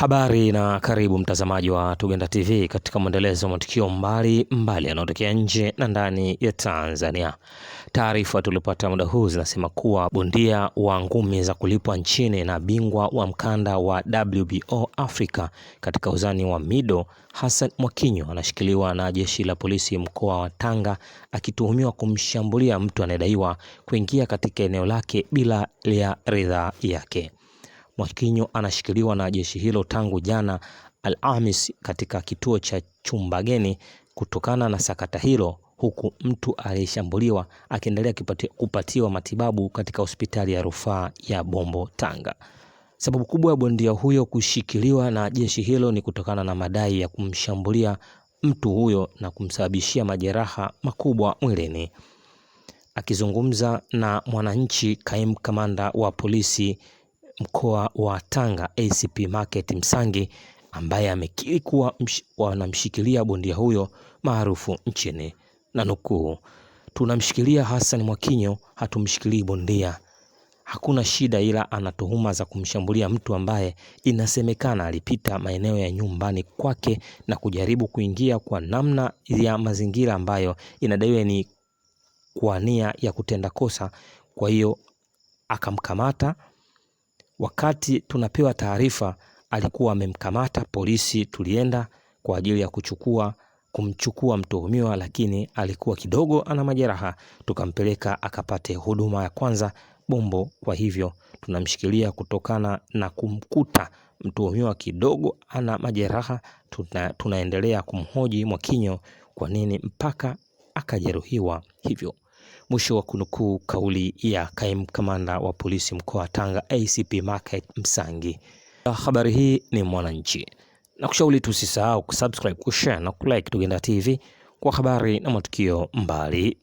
Habari na karibu mtazamaji wa Tugenda TV katika mwendelezo wa matukio mbali mbali yanayotokea nje na ndani ya Tanzania. Taarifa tulipata muda huu zinasema kuwa bondia wa ngumi za kulipwa nchini na bingwa wa mkanda wa WBO Africa katika uzani wa mido Hassan Mwakinyo anashikiliwa na jeshi la polisi mkoa wa Tanga akituhumiwa kumshambulia mtu anayedaiwa kuingia katika eneo lake bila ya ridhaa yake. Mwakinyo anashikiliwa na jeshi hilo tangu jana Alhamis katika kituo cha Chumbageni kutokana na sakata hilo, huku mtu aliyeshambuliwa akiendelea kupatiwa matibabu katika hospitali ya rufaa ya Bombo, Tanga. Sababu kubwa ya bondia huyo kushikiliwa na jeshi hilo ni kutokana na madai ya kumshambulia mtu huyo na kumsababishia majeraha makubwa mwilini. Akizungumza na Mwananchi, kaimu kamanda wa polisi mkoa wa Tanga ACP Market Msangi ambaye amekiri kuwa wanamshikilia bondia huyo maarufu nchini, na nukuu, tunamshikilia Hassan Mwakinyo, hatumshikilii bondia. Hakuna shida, ila ana tuhuma za kumshambulia mtu ambaye inasemekana alipita maeneo ya nyumbani kwake na kujaribu kuingia kwa namna ya mazingira ambayo inadaiwa ni kwa nia ya kutenda kosa, kwa hiyo akamkamata Wakati tunapewa taarifa alikuwa amemkamata polisi, tulienda kwa ajili ya kuchukua kumchukua mtuhumiwa, lakini alikuwa kidogo ana majeraha, tukampeleka akapate huduma ya kwanza Bombo. Kwa hivyo tunamshikilia kutokana na kumkuta mtuhumiwa kidogo ana majeraha. Tuna, tunaendelea kumhoji Mwakinyo kwa nini mpaka akajeruhiwa hivyo. Mwisho wa kunukuu kauli ya kaimu kamanda wa polisi mkoa wa Tanga ACP Market Msangi. Habari hii ni Mwananchi na kushauri tusisahau kusubscribe, kushare na kulike Tugenda TV kwa habari na matukio mbali